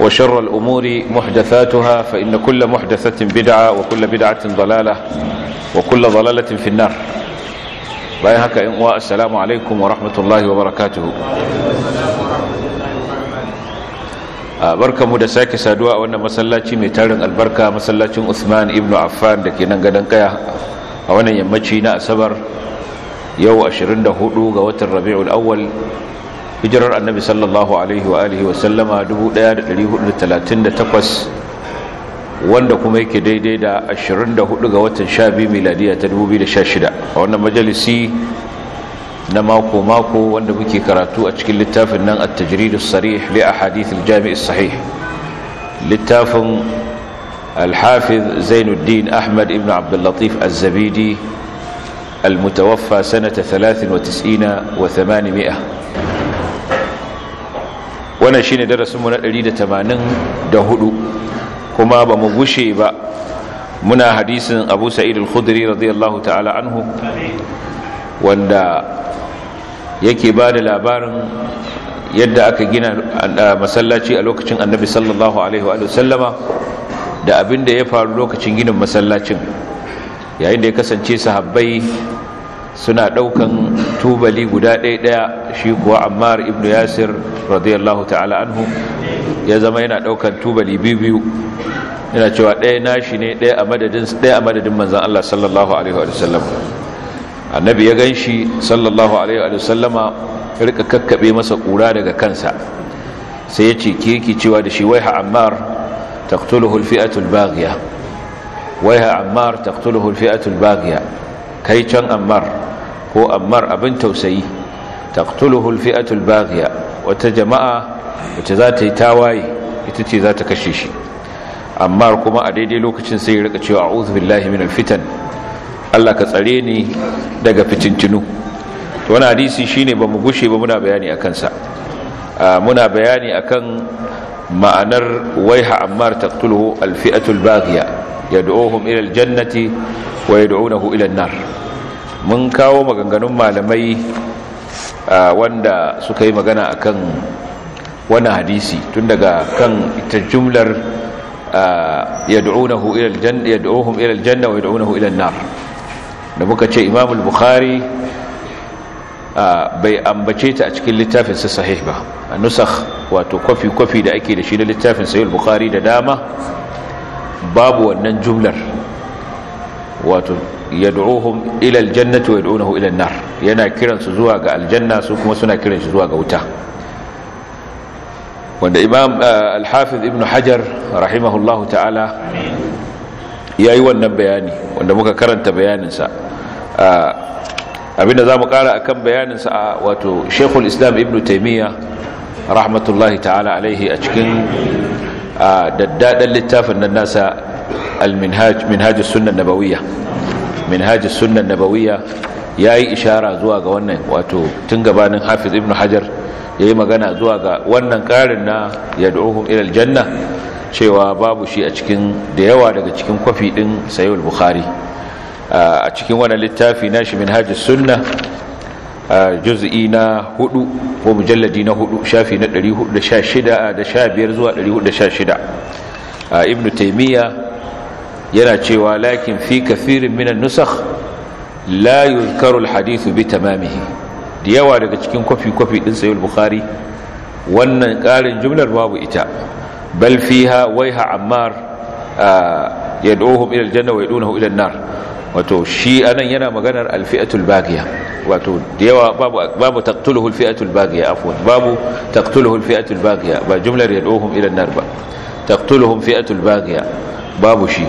وشر الأمور محدثاتها فإن كل محدثة بدعة وكل بدعة ضلالة وكل ضلالة في النار باي إنواء السلام عليكم ورحمة الله وبركاته barka mu da sake saduwa a wannan masallaci mai tarin albarka masallacin Usman ibnu Affan da ke nan gadon kaya a wannan yammaci na asabar yau 24 ga watan Rabiul Awwal hijirar annabi sallallahu alaihi wa alihi wa sallama 1438 wanda kuma yake daidai da 24 ga watan 12 miladiya ta 2016 a wannan majalisi na mako mako wanda muke karatu a cikin littafin nan at-tajrid as-sarih li ahadith al-jami' as-sahih littafin al-hafiz Zainuddin Ahmad ibn Abdul Latif az-Zabidi المتوفى سنة ثلاث وتسئين وثمانمائة wannan shine darasinmu na 184 kuma ba mu gushe ba muna hadisin Abu Sa'id al-Khudri radiyallahu ta'ala anhu wanda yake ba da labarin yadda aka gina masallaci a lokacin annabi sallallahu alaihi wa sallama da abin da ya faru lokacin ginin masallacin yayin da ya kasance sahabbai suna daukan tubali guda ɗaya ɗaya shi kuwa ammar ibn yasir radiyallahu ta'ala anhu ya zama yana ɗaukan tubali biyu yana cewa ɗaya nashi ne ɗaya a madadin ɗaya a madadin manzon Allah sallallahu alaihi wa sallam annabi ya ganshi sallallahu alaihi wa sallama rika kakkaɓe masa ƙura daga kansa sai ya ce kiki cewa da shi waiha ammar taqtuluhu alfi'atu albaghiya waiha ammar taqtuluhu alfi'atu albaghiya kai can ammar ko ammar abin tausayi taqtuluhu alfi'atu albaghiya wata jama'a wacce za ta yi tawaye ita ce za ta kashe shi ammar kuma a daidai lokacin sai ya rika cewa a'udhu billahi minal fitan Allah ka tsare ni daga fitintinu wani hadisi shine ba mu gushe ba muna bayani a kansa muna bayani akan ma'anar waiha ammar taqtuluhu alfi'atu albaghiya yad'uhum ila aljannati wa yad'unahu ila an-nar mun kawo maganganun malamai wanda suka yi magana a kan wani hadisi tun daga kan ita jumlar yad'unahu ila aljanna yad'uhum wa yad'unahu ila ilal nar da muka ce Imam al-Bukhari bai ambace ta a cikin littafin sa sahih ba nusakh wato kwafi kwafi da ake da shi na littafin sahih al-Bukhari da dama babu wannan jumlar wato yad'uhum ila aljannati wa yad'unahu ila an-nar yana kiransu zuwa ga aljanna su kuma suna kiran shi zuwa ga wuta wanda imam eh, al-hafiz ibn hajar rahimahullahu ta'ala yayi wannan bayani wanda muka karanta bayaninsa eh, abinda zamu kara akan bayaninsa a wato shaykhul islam ibn taymiya rahmatullahi ta'ala alaihi a cikin eh, daddadan littafin nan nasa المنهاج منهاج السنه النبويه منهاج السنه النبويه as-sunnah nabawiyya yayi ishara zuwa ga wannan wato tun gabanin hafiz ibnu hajar yayi magana zuwa ga wannan karin na yad'uhum ila aljanna cewa babu shi a cikin da yawa daga cikin kwafi din sayyid al-bukhari a cikin wannan littafi nashi minhaj as-sunnah juz'i na 4 ko mujalladi na 4 shafi na 416 da 15 zuwa 416 ibnu taymiya yana cewa lakin fi kafirin minan nusakh la yuzkaru alhadithu bi tamamihi da yawa daga cikin kwafi kwafi din sahih bukhari wannan ƙarin jumlar babu ita bal fiha waiha ammar yad'uhum ila aljanna wa yad'unahu ila an-nar wato shi anan yana maganar alfi'atul bagiya wato da yawa babu babu taqtuluhu alfi'atul bagiya afwan babu taqtuluhu alfi'atul bagiya ba jumlar yad'uhum ila an-nar ba taqtuluhum fi'atul bagiya babu shi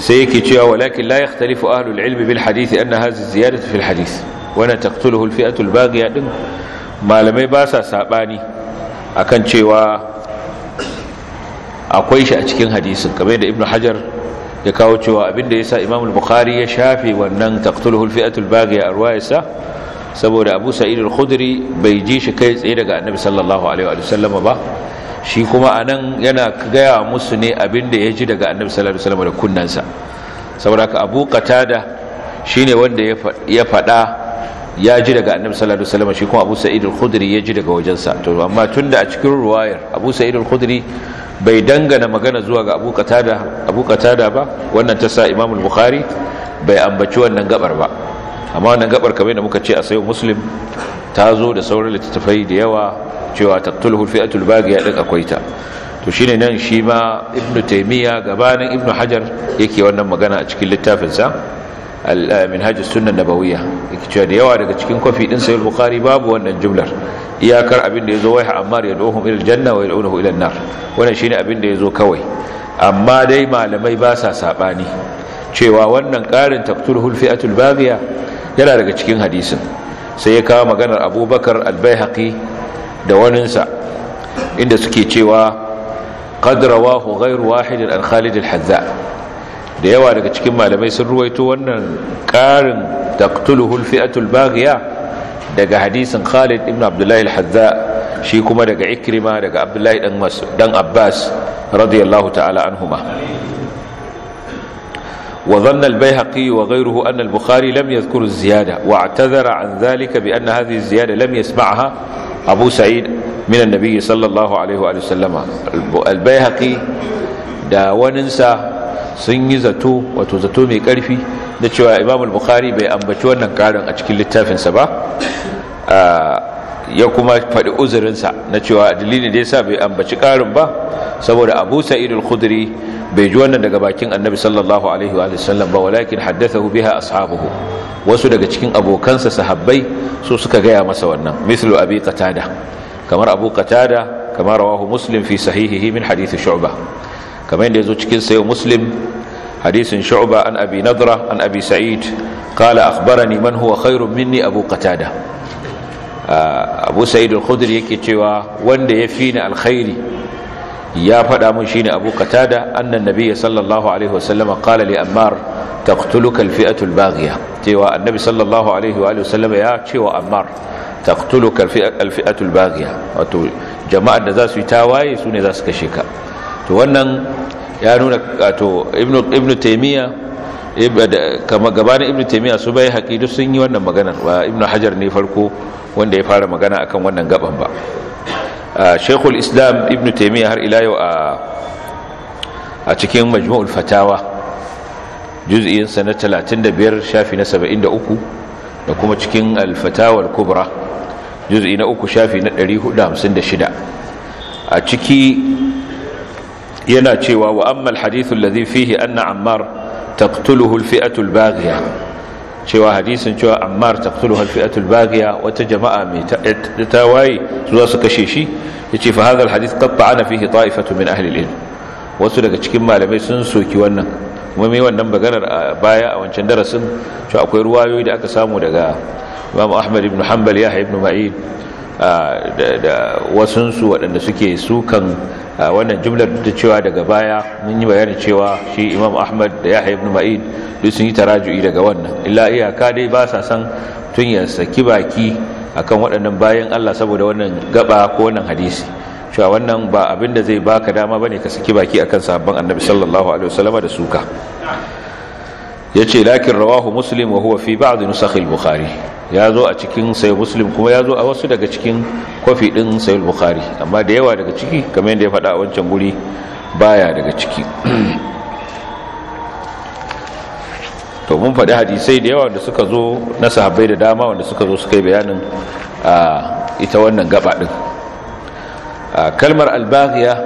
sai yake cewa walakin la yakhtalifu ahlul ilmi bil hadisi anna hadhihi ziyadatu fil hadith wana taqtuluhu al fi'atu al baghiya din malamai ba sa sabani akan cewa akwai shi a cikin hadisin kamar da ibnu hajar ya kawo cewa abinda yasa imam al-bukhari ya shafe wannan taqtuluhu al fi'atu al baghiya arwayasa saboda abu sa'id al-khudri bai ji shi kai tsaye daga annabi sallallahu alaihi wa sallam ba shi kuma a nan yana gaya musu ne abinda ya ji daga annabi sallallahu alaihi wasallam da kunnansa saboda ka abu qatada shine wanda ya faɗa ya ji daga annabi sallallahu alaihi wasallam shi kuma abu sa'id al-khudri ya ji daga wajensa to amma tunda a cikin ruwayar abu sa'id al-khudri bai dangana magana zuwa ga abu qatada abu qatada ba wannan ta sa imam al-bukhari bai ambaci wannan gabar ba amma wannan gabar kamar da muka ce a sayyid muslim ta zo da sauran littattafai da yawa cewa taqtuluhu fi'atul baghiya din akwai ta to shine nan shi ma ibnu taymiya gabanin ibnu hajar yake wannan magana a cikin littafin sa al-minhaj eh, as-sunnah nabawiyya yake cewa da yawa daga cikin kofi din sahih bukhari babu wannan jumlar iyakar abin da yazo waiha ammar yad'uhum ila al-janna wa yad'unahu ila an-nar wannan shine abin da yazo kawai amma dai malamai ba sa sabani cewa wannan karin taqtuluhu al-fi'atul baghiya yana daga cikin hadisin sai ya kawo maganar abubakar al-baihaqi da waninsa inda suke cewa qad rawahu ghayru wahidin an Khalid da yawa daga cikin malamai sun ruwaito wannan ƙarin taqtuluhu al-fi'atu daga hadisin Khalid ibn Abdullahi al shi kuma daga Ikrima daga Abdullah dan dan Abbas radiyallahu ta'ala anhuma وظن البيهقي وغيره أن البخاري لم يذكر الزيادة واعتذر عن ذلك بأن هذه الزيادة لم يسمعها abu sa'id min annabi sallallahu alaihi wa sallama albayhaqi da waninsa sun yi zato wato zato mai karfi da cewa imam al-bukhari bai ambaci wannan karin a cikin littafinsa ba ya kuma faɗi uzurinsa na cewa dalilin da ya sa bai ambaci ƙarin ba saboda abu sa'id al bai ji wannan daga bakin annabi sallallahu alaihi wa sallam ba walakin haddathahu biha ashabuhu wasu daga cikin abokansa sahabbai su suka gaya masa wannan mislu abi qatada kamar abu qatada kamar rawahu muslim fi sahihihi min hadith shu'bah kamar yadda yazo cikin sayo muslim hadisin shu'bah an abi nadra an abi sa'id qala akhbarani man huwa khairun minni abu qatada ah, abu sa'id al-khudri yake cewa wanda ya fi ni alkhairi ya faɗa mun shine Abu Qatada annan nabiyyi sallallahu alaihi wasallam qala li Ammar taqtuluka al-fi'atu al-baghiya cewa annabi sallallahu alaihi wa sallam ya cewa Ammar taqtuluka al-fi'atu al-baghiya wato jama'ar da za su yi tawaye su ne za su kashe ka to wannan ya nuna wato Ibn Ibn Taymiyyah kama gabanin ibn taimiyya su bai haƙi duk sun yi wannan maganar ba ibn hajar ne farko wanda ya fara magana akan wannan gaban ba shekul islam ibn taimiyya har ila a cikin majmu'ul fatawa juz'insa na 35 shafi na 73 da kuma cikin alfatawar kubra juz'i na uku shafi na 456 a ciki yana cewa wa amma alhadithu alladhi fihi anna ammar taqtuluhu alfi'atu albaghiya cewa hadisin cewa ammar taqtulu hal fi'atul baghiya wata jama'a mai ta waye zuwa su kashe shi yace fa hadis, al hadith qatta'ana fihi ta'ifatu min ahli ilm wasu daga cikin malamai sun soki wannan kuma mai wannan bagarar a baya a wancan darasin cewa akwai ruwayoyi da aka samu daga Imam Ahmad ibn Hanbal Yahya ibn Ma'in da wasunsu waɗanda suke sukan wannan jumlar da cewa daga baya mun yi bayanin cewa shi imam ahmad da yahya ibn ma'id duk sun yi taraju'i daga wannan illa iyaka dai ba sa san tun ya saki baki akan waɗannan bayan allah saboda wannan gaba ko wannan hadisi cewa wannan ba abin da zai baka dama ba ne ka saki baki akan sabon annabi sallallahu alaihi wasallama da suka Ya ce lakin rawahu muslim wa huwa fi ba'di nusakh al-bukhari zo a cikin sai muslim kuma ya zo a wasu daga cikin kofi din sai al-bukhari amma da yawa daga ciki kamar yadda ya faɗa a wancan guri baya daga ciki to mun faɗi hadisai da yawa da suka zo na sahabbai da dama wanda suka zo suka yi bayanin a ita wannan gaba din kalmar albaghiya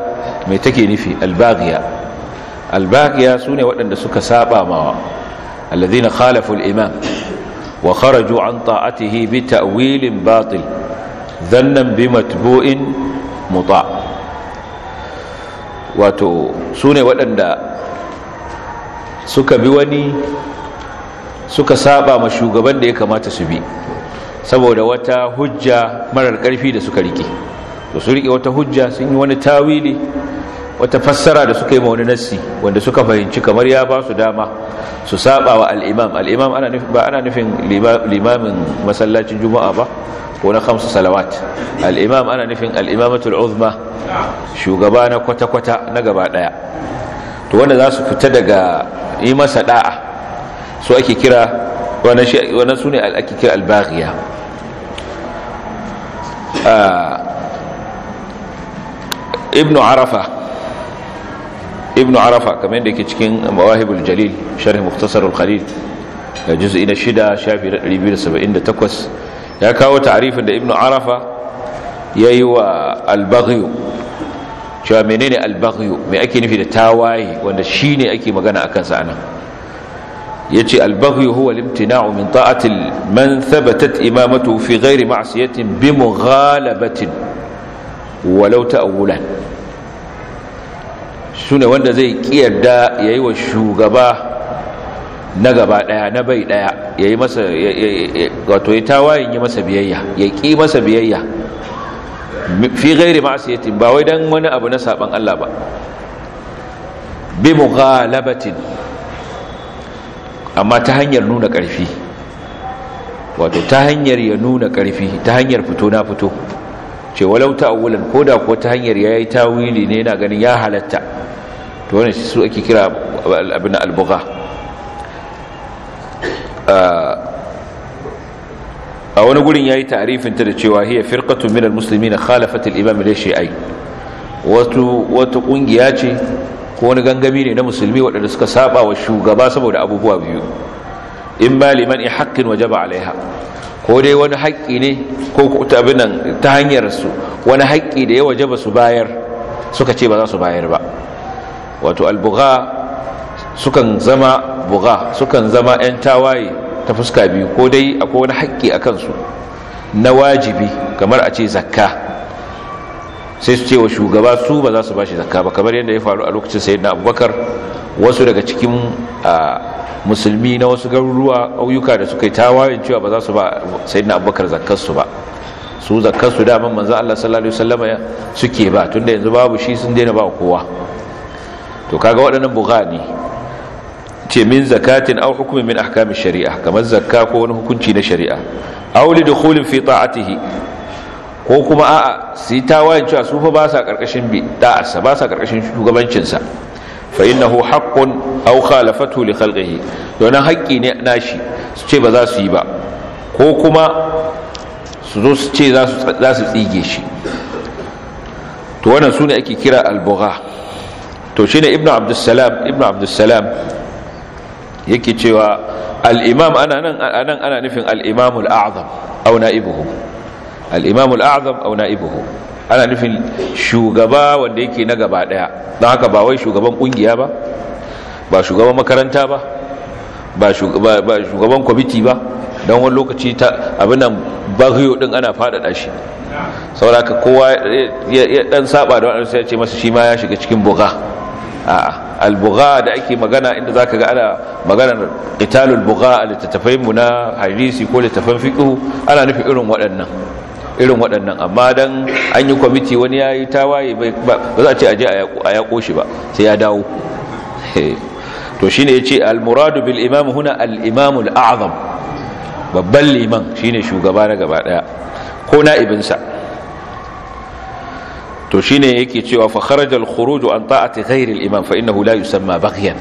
mai take nufi albaghiya albaghiya sune waɗanda suka saba mawa alladhina khalafu al-imam wa an ta'atihi bi ta'wilin batil dhannan bi matbu'in muta wato sune waɗanda ma shugaban da ya kamata su bi saboda wata marar ƙarfi da suka su rike wata hujja sun yi wani tawili wata fassara da suka yi wani nassi wanda suka fahimci kamar ya ba su dama su saba wa al'imam al'imam ba ana nufin limamin masallacin juma'a ba ko na kamsu salawat al'imam ana nufin al'imamatul uzma shugaba na kwata-kwata na gaba ɗaya. to wanda za su fita daga yi masa ɗa'a, su ake kira wannan su ne ake kira albaghiya ah, ibnu arafa ibnu arafa kamar yadda yake cikin mawahibul jalil sharh mukhtasar al-khalil juz'i na 6 shafi 278 ya kawo ta'arifin da ibnu arafa yayi wa al-baghy cewa menene al-baghy me ake nufi da tawaye wanda shine ake magana akan sa anan yace al-baghy huwa al-imtina'u min ta'ati man thabatat imamatu fi ghairi ma'siyatin bi mughalabatin walau ta'awulan su ne wanda zai kiyarda ya yi wa shugaba na gaba daya na bai daya ya yi masa wato ya tawayin yi masa biyayya ya ƙi masa biyayya fi gairi ma'asiyatin ba wai don wani abu na saban Allah ba bi mughalabatin amma ta hanyar nuna ƙarfi wato ta hanyar ya nuna ƙarfi ta hanyar fito na fito ce walau ta'awulan da ko ta hanyar ya yayi tawili ne yana ganin ya halatta to wani su ake kira abin albuga a wani gurin ya ta'rifin ta da cewa hiya firqatu minar musulmi khalafat al-imam al-shi'i wata kungiya ce ko wani gangami ne na musulmi waɗanda suka saba wa shugaba saboda abubuwa biyu in ba liman in haƙƙin waje ba alaiha ko dai wani haƙƙi ne ko abin nan ta hanyar su wani haƙƙi da ya waje ba su bayar suka ce ba za su bayar ba wato albuga sukan zama buga sukan zama 'yan tawaye ta fuska biyu ko dai akwai wani haƙƙi a kansu na wajibi kamar a ce zakka sai su ce wa shugaba su ba za su ba shi zakka ba kamar yadda ya faru a lokacin na abubakar wasu daga cikin musulmi na wasu garuruwa auyuka da suka yi tawayen cewa ba za su ba na abubakar zakkarsu ba su zakkarsu daman manzan Allah sallallahu alaihi suke ba tunda yanzu babu shi sun daina ba kowa to kaga waɗannan bugha ce min zakatin aw hukumin min ahkamin shari'a kamar zakka ko wani hukunci na shari'a aw li dukhulin fi ta'atihi ko kuma a'a su yi cewa su fa ba sa karkashin bi da'arsa ba sa karkashin shugabancin sa fa innahu haqqun aw khalafatu li khalqihi nan haƙƙi ne nashi su ce ba za su yi ba ko kuma su zo su ce za su tsige shi to wannan sune ake kira al to shine ibnu abdussalam ibnu abdussalam yake cewa al-imam ana nan anan ana nufin al-imam al-a'zam aw na'ibuhu al-imam al-a'zam aw na'ibuhu ana nufin shugaba wanda yake na gaba daya don haka ba wai shugaban kungiya ba ba shugaban makaranta ba ba shugaban kwamiti ba don wani lokaci ta abin nan bahiyo din ana fadada shi saboda haka kowa ya dan saba da wani sai ya ce masa shi ma ya shiga cikin buga A'a, albuga da ake magana inda zaka ga ana maganar qitalul buga a littattafai mu na hadisi ko littattafan fiqh ana nufin irin waɗannan irin waɗannan amma dan an yi kwamiti wani ya yi tawaye ba za a ce aje a yaƙo shi ba sai ya dawo to shine yace al-muradu bil imam huna al-imam azam babban liman shine shugaba na gaba ɗaya ko na ibinsa to shine yake cewa fa kharaja al-khuruj an ta'ati ghairi al-imam fa innahu la yusamma baghyan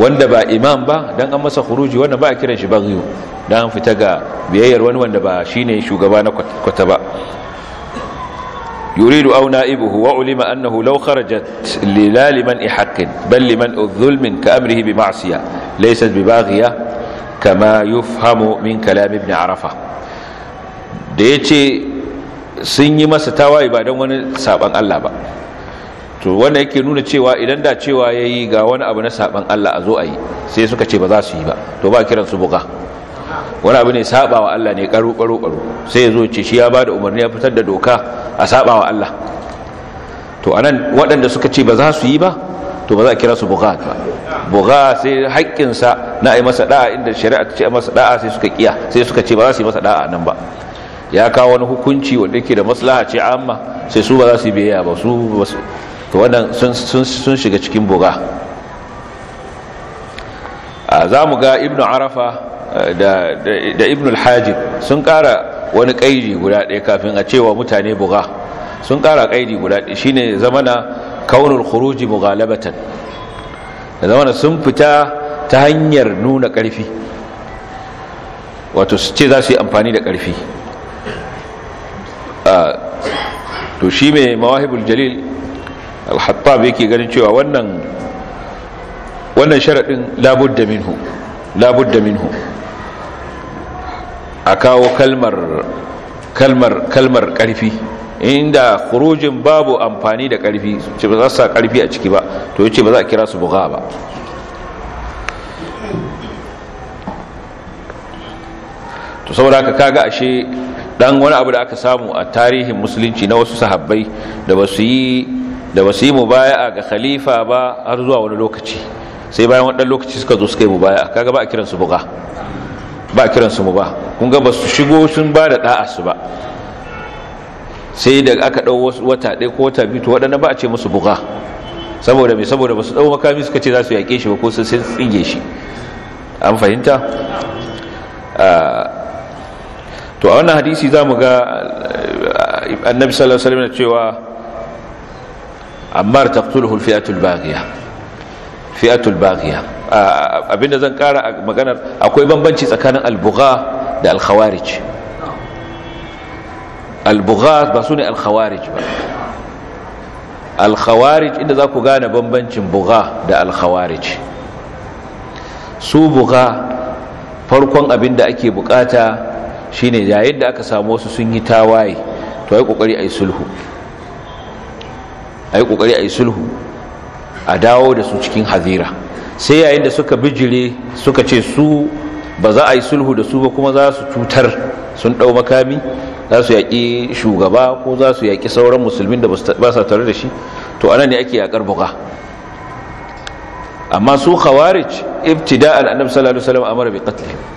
wanda ba imam ba dan an masa khuruji wanda ba a kiran shi baghyu dan an fita ga biyayyar wani wanda ba shine shugaba na kwata ba يريد أو نائبه وعلم أنه لو خرجت للال من حق بل لمن الظلم كأمره بمعصية ليست بباغية كما يفهم من كلام ابن عرفة ديتي sun yi masa tawaye ba don wani saban Allah ba to wanda yake nuna cewa idan da cewa ya yi ga wani abu na saban Allah a zo a yi sai suka ce ba za su yi ba to ba kiran su buga wani abu ne saba wa Allah ne karo karo karo sai ya zo ce shi ya ba da umarni ya fitar da doka a saba wa Allah to anan waɗanda suka ce ba za su yi ba to ba za a kira su buga ba buga sai haƙƙinsa na a yi masa da'a inda shari'a ta ce masa da'a sai suka kiya sai suka ce ba za su yi masa da'a nan ba ya kawo wani hukunci wanda yake da maslaha ce amma sai su ba za su biya ba su to wannan sun shiga cikin buga za mu ga ibn arafa da ibn al-hajib sun kara wani ƙaidi guda ɗaya kafin a cewa mutane buga sun kara ƙaidi guda ɗaya shine zamana kaunul khuruji mughalabatan zamana sun fita ta hanyar nuna ƙarfi wato su ce za su yi amfani da ƙarfi to shi mai mawahibul jalil al-hattab yake ganin cewa wannan wannan sharadin labudda minhu labudda minhu a kawo kalmar kalmar kalmar karfi inda khurujin babu amfani da karfi ce ba za su sa karfi a ciki ba to yace ba za a kira su buga ba to saboda haka kaga ashe dan wani abu da aka samu a tarihin musulunci na wasu sahabbai da su yi da basu yi mubaya'a ga khalifa ba har zuwa wani lokaci sai bayan wadannan lokaci suka zo suka yi mubaya'a kaga ba a kiran su buga ba a kiran su mu ba kun ga ba su shigo sun ba da da'a su ba sai da aka dau wata ɗaya ko wata biyu to wadannan ba a ce musu buga saboda me saboda ba su dau makami suka ce za su yake shi ba ko sun tsinge shi an fahimta ah, to a wannan hadisi za mu ga eh, annabi sallallahu alaihi wasallam cewa ammar taqtuluhu alfi'atul baghiya fi'atul baghiya abinda zan kara a maganar akwai bambanci tsakanin albugha da alkhawarij albugha ba su ne alkhawarij ba alkhawarij inda za ku gane bambancin bugha da alkhawarij su bugha farkon abinda ake bukata shine yayin da aka samu wasu sun yi tawaye to ai kokari ayi sulhu ai kokari ai sulhu a dawo da su cikin hazira sai yayin da suka bijire suka ce su ba za a yi sulhu da su ba kuma za su cutar sun dau makami za su yaƙi shugaba ko za su yaƙi sauran musulmin da ba sa tare da shi to anan ne ake yaƙar buga amma su khawarij ibtida'an annabi sallallahu alaihi wasallam amara bi qatlihim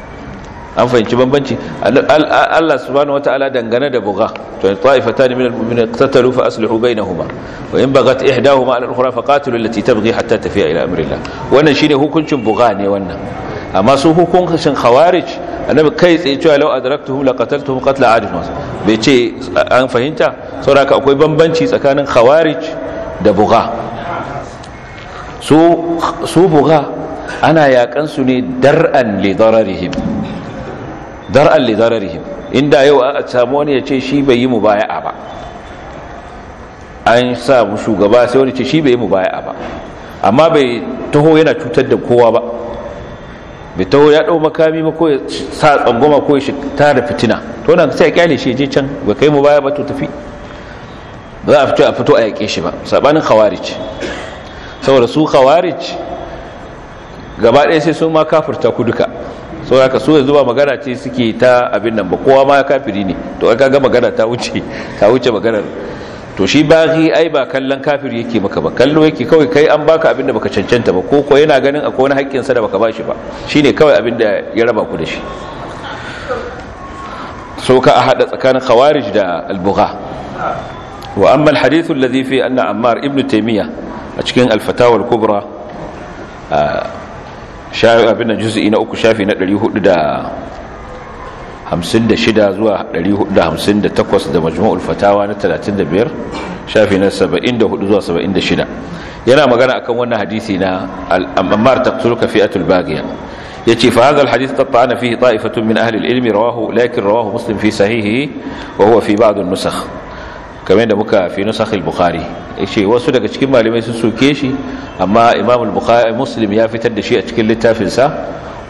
an fahimci bambanci Allah subhanahu wata'ala dangane da buga to ta'ifatan min al-mu'minin qatatalu fa aslihu bainahuma wa in bagat ihdahuma ala al-ukhra fa qatilu allati tabghi hatta tafiya ila amrillah wannan shine hukuncin buga ne wannan amma su hukuncin khawarij annabi kai tsaye cewa law adraktuhum laqataltuhum qatla adin bai ce an fahimta saboda akwai bambanci tsakanin khawarij da buga su buga ana yaƙansu ne dar'an li dararihim dar'an li zararihim inda yau a samu wani ya ce shi bai yi a ba an sa mu shugaba sai wani ce shi bai yi a ba amma bai taho yana cutar da kowa ba bai taho ya dau makami ba ko ya sa tsangoma ko ya shi tara fitina to nan sai ya kyale shi je can ba kai mubaya ba to tafi za a fito a fito a yake shi ba sabanin khawarij saboda su khawarij gaba ɗaya sai su ma kafirta ku duka sauraka so yanzu ba magana ce suke ta abin nan ba kowa ma kafiri ne to aka ga magana ta wuce ta wuce to shi baghi ai ba kallon kafiri yake maka ba kallo yake kawai kai an baka abin da baka cancanta ba ko ko yana ganin akwai wani haƙƙin sa da baka bashi ba shine kawai abin da ya raba ku da shi so ka a hada tsakanin khawarij da albugha wa amma alhadith alladhi fi anna ammar ibn taymiya a cikin al-fatawa al-kubra abin da juzi na uku shafi na 456 zuwa 458 da majmu'ul fatawa na 35 shafi na 74 zuwa 76 yana magana akan wannan hadisi na al'ammar taqtuluka fi'atul baghiya yace fa hadha alhadith qatta'ana fihi ta'ifatun min ahli alilmi rawahu lakin rawahu muslim fi sahihi wa huwa fi ba'd an-nusakh kamar da muka fi nusakh al-bukhari ce wasu daga cikin malamai sun soke shi amma imam bukhari muslim ya fitar da shi a cikin littafinsa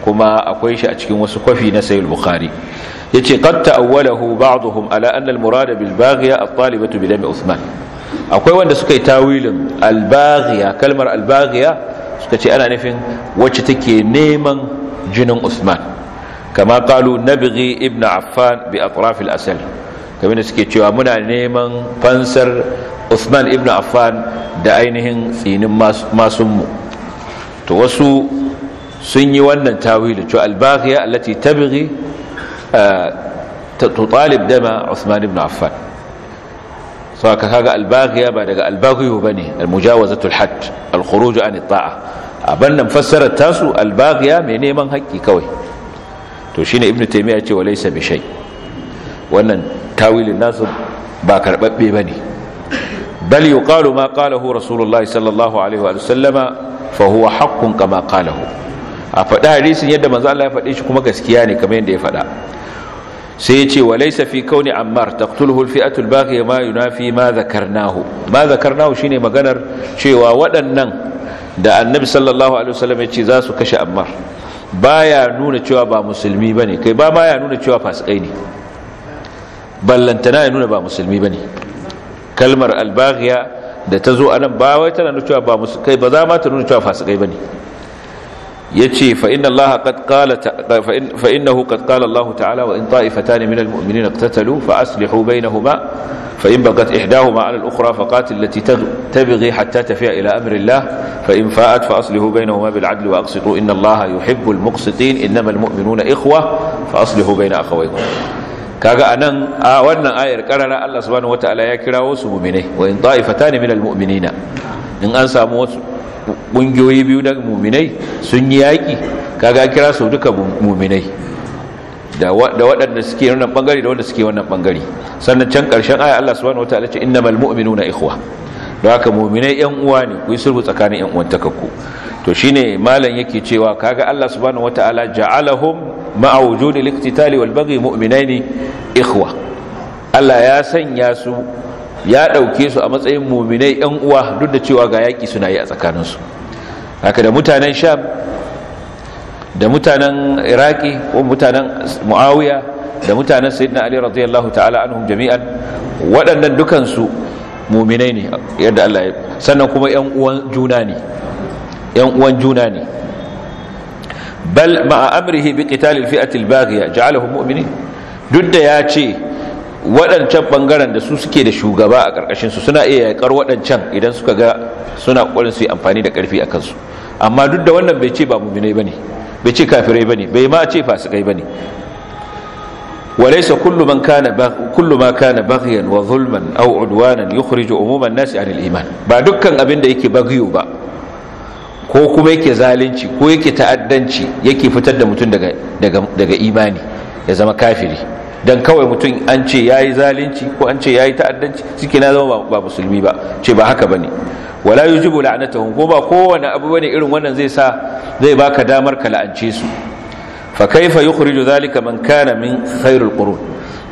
kuma akwai shi a cikin wasu kwafi na sayi bukhari ya ce qad ta'awwalahu ba'dhum ala anna al-murada bil baghiya at-talibatu bi dami uthman akwai wanda suka yi tawilin al-baghiya kalmar al-baghiya suka ce ana nufin wacce take neman jinin uthman kama qalu nabghi ibn affan bi atraf al-asal kamar suke cewa muna neman fansar usman ibn affan da ainihin tsinin masunmu to wasu sun yi wannan tawili to albaghiya allati tabghi ah, tutalib dama usman ibn affan so ka kaga albaghiya ba daga albaghiyu bane almujawazatul hadd alkhuruj an at-ta'a abannan fassarar tasu albaghiya mai neman haƙƙi kawai to shine ibn taymiya ce walaysa bi shay wannan tawilin nasu ba karɓaɓɓe bane bal yuqalu ma qalahu rasulullah sallallahu alaihi wa sallama fa huwa haqqun kama qalahu a faɗa hadisin yadda manzo Allah ya faɗe shi kuma gaskiya ne kamar yadda ya faɗa sai yace wa laysa fi kauni ammar taqtuluhu atul, albaghiya ma yunafi ma dhakarnahu ma dhakarnahu shine maganar cewa waɗannan da annabi sallallahu alaihi wasallam yace za su kashe ammar baya nuna cewa ba musulmi bane kai ba ma ya nuna cewa fasikai ne ballantana ya nuna ba musulmi bane kalmar albaghiya da ta zo anan ba wai tana nuna cewa ba musu kai ba za ma ta nuna cewa fasikai bane yace fa inna allaha qad qala fa innahu qad qala allah ta'ala wa in ta'ifatan min almu'minina iqtatalu fa aslihu bainahuma fa in baqat ihdahuma 'ala al-ukhra fa qatil allati tabghi hatta tafi'a ila amri allah fa in fa'at fa aslihu bainahuma bil 'adli wa aqsitu inna allaha yuhibbu al-muqsitin innama al-mu'minuna ikhwa fa aslihu bain akhawaykum kaga anan a wannan ayar karara Allah subhanahu wataala ya kirawo su mu'minai wa in ta'ifatan min almu'minina in an samu wasu kungiyoyi biyu daga mu'minai sun yi yaki kaga kira su duka mu'minai da waɗanda suke wannan bangare da wanda suke wannan bangare sannan can ƙarshen ayar Allah subhanahu wataala ce innamal mu'minuna ikhwa don haka mu'minai yan uwa ne ku yi sulhu tsakanin yan uwan takakku to shine malam yake cewa kaga Allah subhanahu wataala ja'alahum ma'a wujudi al-iqtitali wal baghi mu'minaini ikhwa Allah ya sanya su ya dauke su a matsayin mu'minai ɗan uwa duk da cewa ga yaki suna yi a tsakaninsu haka da mutanen sham da mutanen iraki ko mutanen muawiya da mutanen sayyidina ali radiyallahu ta'ala anhum jami'an waɗannan dukansu mu'minai ne yadda Allah ya sannan kuma ƴan uwan juna ne yan uwan juna ne bal ma amrihi bi qitalil fi'atil baghiya ja'alahum mu'minin duk da ya ce waɗancan bangaren da su suke da shugaba a ƙarƙashin su suna iya yaƙar waɗancan idan suka ga suna ƙoƙarin su yi amfani da ƙarfi a kansu amma duk da wannan bai ce ba mu'minai bane bai ce kafirai bane bai ma ce fasikai bane وليس كل من كان بغ... كل ما كان بغيا وظلما او عدوانا يخرج عموم الناس عن iman. ba dukkan abin da yake bagiyo ba ko kuma yake zalunci ko yake ta'addanci yake fitar da mutum daga daga imani ya zama kafiri dan kawai mutum an ce yayi zalunci ko an ce yayi ta'addanci ciki na zama ba musulmi ba ce ba haka bane wala yujibu la'natahum ko ba kowane abu bane irin wannan zai sa zai baka damar ka la'ance su fa kaifa yukhriju zalika man kana min khairul qurun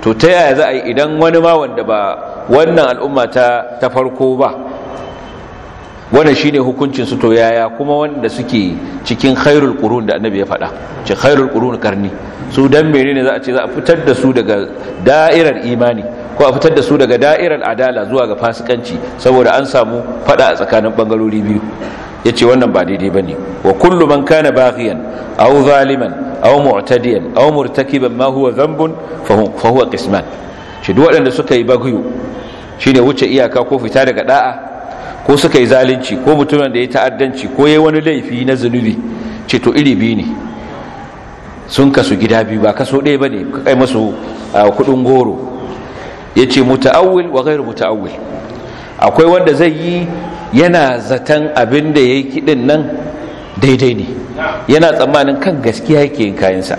to ta yaya za a yi idan wani ma wanda ba wannan al'umma ta ta farko ba wannan shine hukuncin su to yaya kuma wanda suke cikin khairul kurun da annabi ya faɗa ce khairul kurun karni su dan menene za a ce za a fitar da su daga da'irar imani ko a fitar da su daga da'irar adala zuwa ga fasikanci saboda an samu faɗa a tsakanin bangarori biyu yace wannan ba daidai bane wa kullum man kana baghiyan aw zaliman aw mu'tadiyan aw murtakiban ma huwa dhanbun fa huwa qisman shi duk waɗanda suka yi baghiyu shine wuce iyaka ko fita daga da'a ko suka yi zalunci ko mutumin da ya ta'addanci ko ya wani laifi na zunubi ce to iri biyu ne sun kasu gida biyu ba kaso ɗaya ba ne ka kai masu kuɗin goro ya ce muta'awil wa gairu muta'awil akwai wanda zai yi yana zaton abin da ya yi kiɗin nan daidai ne yana tsammanin kan gaskiya yake yin kayansa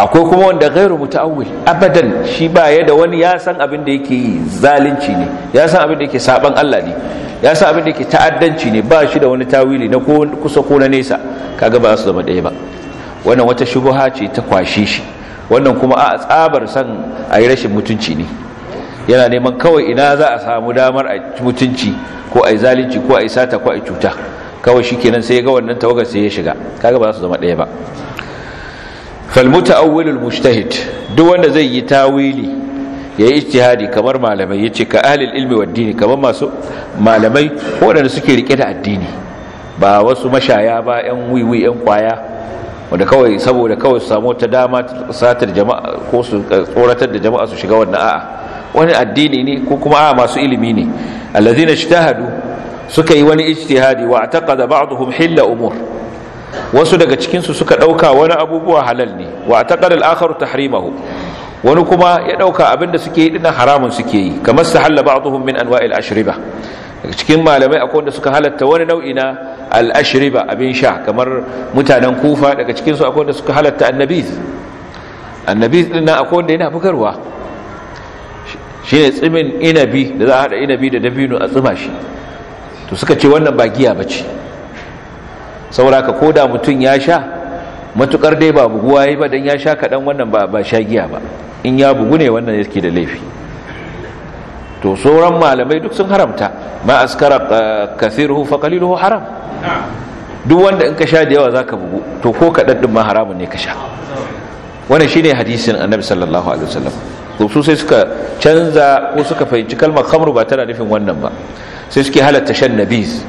akwai kuma wanda gairu muta'awwil abadan shi ba ya da wani ya san abin da yake zalunci ne ya san abin da yake saban Allah ne ya san abin da yake ta'addanci ne ba shi da wani tawili na kusa ko na nesa kaga ba su zama ɗaya ba wannan wata shubuha ce ta kwashe shi wannan kuma a tsabar san a yi rashin mutunci ne yana neman kawai ina za a samu damar a mutunci ko a yi zalunci ko a yi sata ko a yi cuta kawai shi kenan sai ya ga wannan tawagar sai ya shiga kaga ba su zama ɗaya ba falmuta'awwilul mujtahid duk wanda zai yi tawili ya yi ijtihadi kamar malamai yace ka ahlul ilmi wad dini kamar masu malamai waɗanda suke rike da addini ba wasu mashaya ba yan wiwi yan kwaya wanda kawai saboda kawai su samu ta dama satar jama'a ko su tsoratar da jama'a su shiga wannan a'a wani addini ne ko kuma a'a masu ilimi ne allazina ijtahadu suka yi wani ijtihadi wa ataqada ba'dhum hilla umur wasu daga cikinsu suka ɗauka wani abubuwa halal ne wa a taƙar al'akar tahrimahu wani kuma ya ɗauka abinda suke yi ɗinan haramun suke yi kamar su halla ba min anwa'il Daga cikin malamai akwai wanda suka halatta wani nau'i na al'ashriba abin sha kamar mutanen kufa daga cikinsu akwai wanda suka halatta annabiz. Annabiz ɗin nan akwai wanda yana bugarwa shi ne tsimin inabi da za a haɗa inabi da dabino a tsima shi to suka ce wannan ba giya ba ce sauraka ko da mutum ya sha matukar dai ba buguwa yi ba don ya sha kaɗan wannan ba sha giya ba in ya bugu ne wannan yake da laifi to sauran malamai duk sun haramta ma askara eh, kathiruhu fa qaliluhu haram duk wanda in ka sha da yawa zaka bugu to ko kaɗan din ma haramun ne ka sha wannan shine hadisin annabi sallallahu alaihi wasallam to su sai suka canza ko suka fahimci kalmar khamru ba tana nufin wannan ba sai suke halatta shan nabiz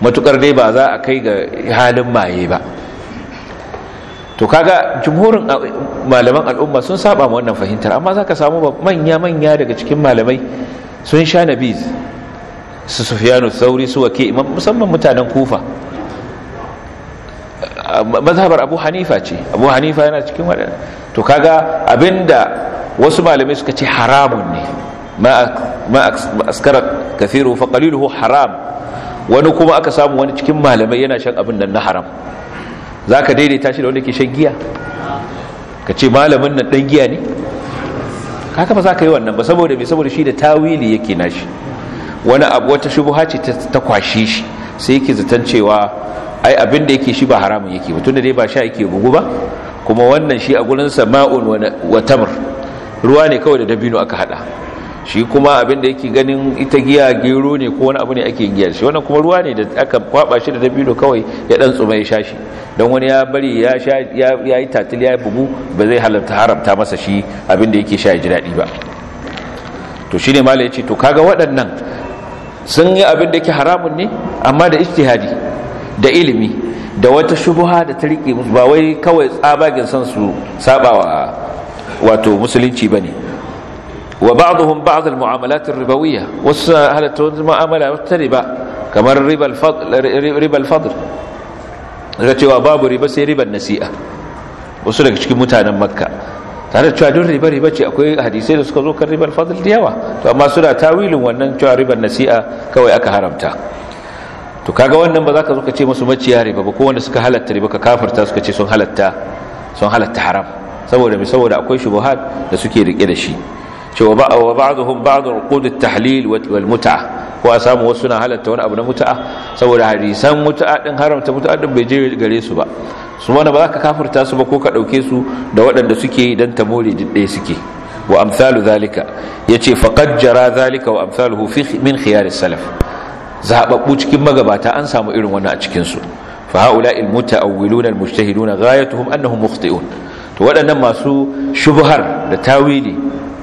matukar dai ba za a kai ga halin maye ba to kaga jumhurin malaman al'umma sun saba ma wannan fahimtar amma za ka samu manya-manya daga cikin malamai sun sha nabiz su sufiyanu sauri su wake musamman mutanen kufa mazhabar abu hanifa ce abu hanifa yana cikin waɗanda to kaga abinda wasu malamai suka ce haramun ne ma kafiru fa qaliluhu haram wani kuma aka samu wani cikin malamai yana shan abin nan na haram za ka daidaita shi da wanda ke shan giya ka ce malamin nan ɗan giya ne haka ba za ka yi wannan ba saboda mai saboda shi da tawili yake nashi wani abu wata shubuha ce ta kwashe shi sai yake zaton cewa ai abin da yake shi ba haramun yake ba da dai ba sha yake gugu ba kuma wannan shi a gurin ma'un wa tamar ruwa ne kawai da dabino aka haɗa. shi kuma abin da yake ganin ita giya gero ne ko wani abu ne ake giya shi wannan kuma ruwa ne da aka kwaba shi da dabino kawai ya dan tsuma ya sha shi don wani ya bari ya sha ya yi tatil ya bugu ba zai halarta haramta masa shi abin da yake sha ya ji daɗi ba to shine mala ya to kaga waɗannan sun yi abin da yake haramun ne amma da ijtihadi da ilimi da wata shubuha da ta rike musu ba wai kawai tsabagen san su sabawa wato musulunci bane wa ba'dhum ba'd al-mu'amalat ar-ribawiyya wasu halatta wani mu'amala ta riba kamar riba al-fadl riba cewa babu riba sai riban nasi'a wasu daga cikin mutanen makka tare da cewa don riba riba ce akwai hadisai da suka zo ka ribar da yawa to amma suna tawilin wannan cewa ribar nasi'a kawai aka haramta to kaga wannan ba za ka zo ka ce musu maciya riba ba ko wanda suka halatta riba ka kafarta suka ce sun halatta sun halatta haram saboda mai saboda akwai shubuhat da suke rike da shi ce wa ba'dhum ba'd uqud at-tahlil wal ko a samu wasu na halatta wani abu na mutu'a saboda hadisan mutu'a din haramta mutu'a din bai je gare su ba su wani ba za ka kafirta su ba ko ka dauke su da waɗanda suke dan tamori didde suke wa amsalu zalika yace faqad jara zalika wa amsaluhu fi min khiyar salaf zababbu cikin magabata an samu irin wannan a cikin su fa haula al-muta'awwiluna al-mujtahiduna ghayatuhum annahum mukhti'un to waɗannan masu shubhar da tawili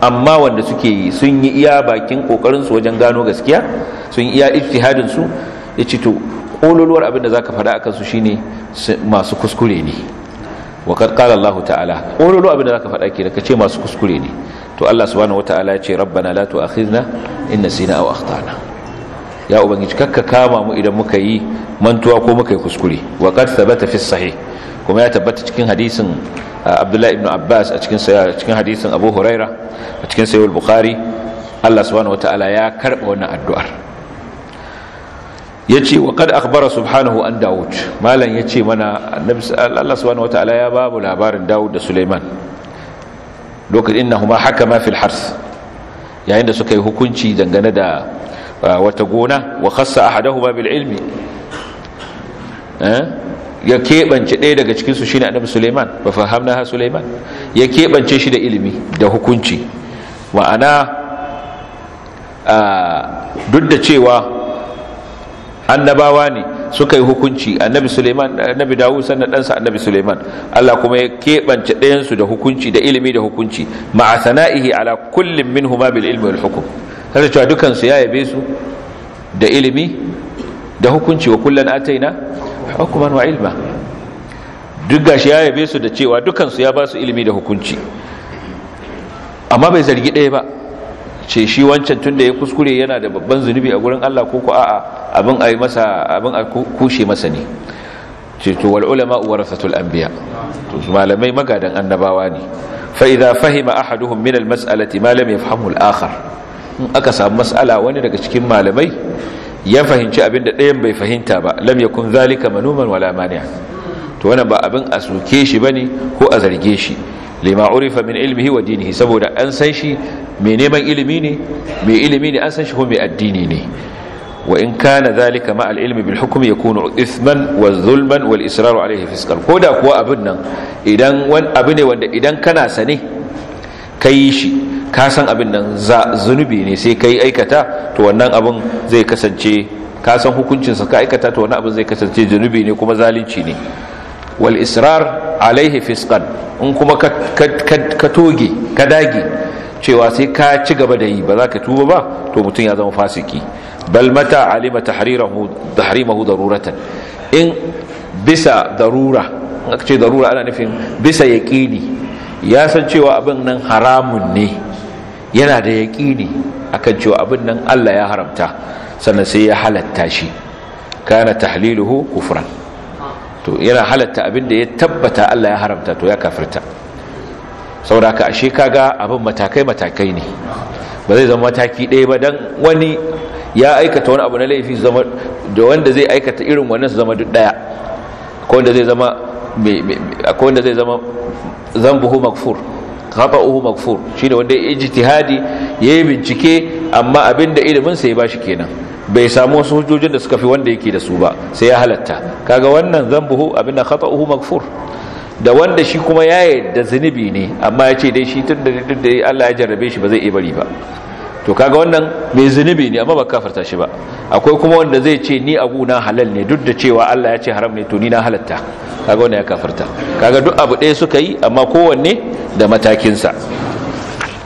amma wanda suke yi sun yi iya bakin kokarinsu wajen gano gaskiya sun iya ijtihadin su ya ce to kololuwar abin da zaka faɗa akan su shine masu kuskure ne wa kad qala Allah ta'ala kololu abin da zaka faɗa ka kace masu kuskure ne to Allah subhanahu wataala ya ce rabbana la tu'akhizna in nasina aw akhtana ya ubangiji kakka kama mu idan muka yi mantuwa ko muka yi kuskure wa kad thabata fi sahih kuma ya tabbata cikin hadisin uh, abdullahi ibn abbas a cikin cikin hadisin abu huraira a cikin sayyid bukhari allah subhanahu wataala ya karɓa wannan addu'ar yace wa qad akhbara subhanahu an malam ya ce mana annabi allah subhanahu wataala ya babu labarin Dawud da suleiman lokacin innahuma haka fil hars yayin da suka yi hukunci dangane da uh, wata gona wa khassa ahaduhuma bil ilmi eh ya keɓance ɗaya daga cikinsu shine annabi suleiman ba fahamna ha suleiman ya keɓance shi da ilimi da hukunci ma'ana duk da cewa annabawa ne suka yi hukunci annabi suleiman annabi dawud sannan ɗansa annabi suleiman allah kuma ya keɓance ɗayansu da hukunci da ilimi da hukunci ma'a sana'ihi ala kullum min huma bil ilmi wal hukum sai cewa dukansu ya yabe su da ilimi da hukunci wa kullum ataina hukuman wa ilma duk gashi ya yabe su da cewa dukansu ya ba su ilimi da hukunci amma bai zargi ɗaya ba ce shi wancan tun da ya kuskure yana da babban zunubi a gurin Allah ko a'a abin a yi masa abin a kushe masa ne ce to wal ulama warasatul anbiya to malamai magadan annabawa ne fa idza fahima ahaduhum min al mas'alati ma lam yafhamu al akhar in aka samu mas'ala wani daga cikin malamai ya fahimci abin da ɗayan bai fahimta ba lam yakun zalika manuman wala mani'a to wannan ba abin a soke shi bane ko a zarge shi lima urifa min ilmihi wa dinihi saboda an san shi me neman ilimi ne mai ilimi ne an san shi ko mai addini ne wa in kana zalika ma al ilmi bil hukmi yakunu ithman wa zulman wal israr alayhi koda kuwa abin nan idan wani abu ne wanda idan kana sane kai shi ka san abin nan zunubi ne sai ka yi aikata to wannan abin zai kasance ka san hukuncinsa ka aikata to wannan abin zai kasance zunubi ne kuma zalunci ne wal israr alaihi fisqan in kuma ka toge ka dage cewa sai ka ci gaba da yi ba za ka tuba ba to mutum ya zama fasiki bal mata alima tahrimahu daruratan in bisa darura in ce darura ana nufin bisa yaqini ya san cewa abin nan haramun ne yana da yaƙini akan cewa abin nan Allah ya haramta sannan sai ya halatta shi kana tahliluhu kufran to yana halatta abin da ya tabbata Allah ya haramta to ya kafirta sauraka ashe kaga abin matakai matakai ne ba zai zama mataki ɗaya ba don wani ya aikata wani abu na laifi da wanda zai aikata irin wannan su zama duk ɗaya akwai wanda zai zama zambuhu makfur khata'uhu maghfur shine wanda ya ijtihadi yayi bincike amma abinda ilimin sa ya bashi kenan bai samu wasu hujjojin da suka fi wanda yake da su ba sai ya halatta kaga wannan zambuhu abinda khata'uhu maghfur da wanda shi kuma ya da zunubi ne amma ya ce dai shi tun da Allah ya jarrabe shi ba zai iya bari ba to kaga wannan mai zunubi ne amma ba kafarta shi ba akwai kuma wanda zai ce ni abu na halal ne duk da cewa Allah ya ce haram ne to ni na halatta kaga wannan ya kafarta kaga duk abu ɗaya suka yi amma kowanne da matakin sa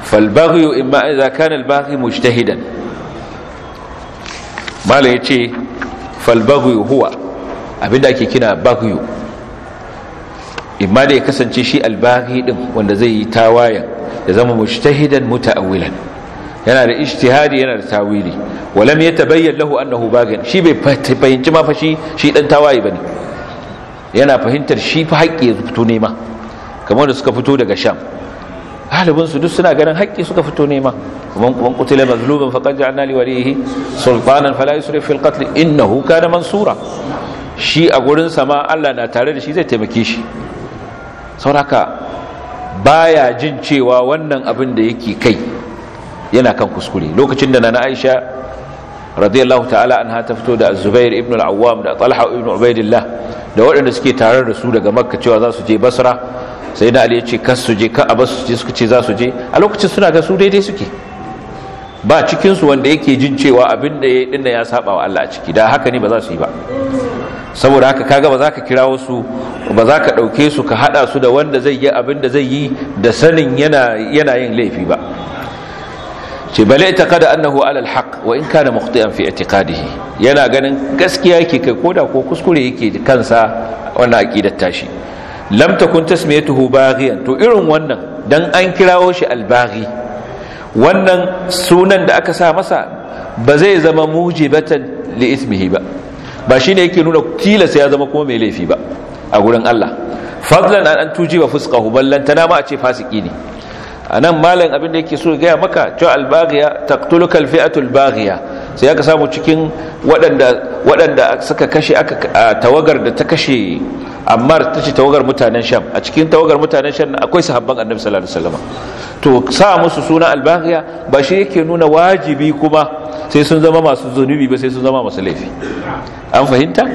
fal baghyu imma idza kana al baghi mujtahidan malai yace fal baghyu huwa abinda ake kira baghyu imma da ya kasance shi al baghi din wanda zai yi tawayan ya zama mujtahidan muta'awwilan yana da ijtihadi yana da tawili walam yatabayyan lahu annahu bagan shi bai fahimci ma fa shi shi dan tawaye bane yana fahimtar shi fa haƙƙi ya fito nema kamar da suka fito daga sham galibin su duk suna ganin haƙƙi suka fito nema kuma kuma qutila mazluban faqad ja'alna li walihi sultanan fala yusrif fil qatl innahu kana mansura shi a gurin sama Allah na tare da shi zai taimake shi sauraka baya jin cewa wannan abin da yake kai yana kan kuskure lokacin da nana aisha radiyallahu ta'ala anha ta fito da zubair ibn al-awwam da talha ibn ubaidillah da waɗanda suke tare da su daga makka cewa za su je basra sai da ali ya ce kas su je ka abbas su je ce za su je a lokacin suna ga su daidai suke ba cikin su wanda yake jin cewa abin da ya dinna ya saba wa Allah a ciki da haka ne ba za su yi ba saboda haka kaga ba za ka kira wasu ba za ka ɗauke su ka haɗa su da wanda zai yi abin da zai yi da sanin yana yin laifi ba ce bale ta kada annahu alal haq wa in kana mukhti'an fi i'tiqadihi yana ganin gaskiya yake kai koda ko kuskure yake kansa wannan aqidar tashi lam takun tasmiyatuhu baghiyan to irin wannan dan an kirawo shi albari. wannan sunan da aka sa masa ba zai zama mujibatan li ismihi ba ba shine yake nuna tilasa ya zama kuma mai laifi ba a gurin Allah fadlan an tujiba fuska, ballan tana ma a ce fasiki ne anan malam abin da yake so gaya maka cewa albaghiya taqtuluka alfi'atu albaghiya sai aka samu cikin waɗanda waɗanda suka kashe aka tawagar da ta kashe amma ta ce tawagar mutanen sham a cikin tawagar mutanen sham akwai sahabban annabi sallallahu alaihi wasallam to sa musu suna albaghiya ba shi yake nuna wajibi kuma sai sun zama masu zunubi ba sai sun zama masu laifi an fahimta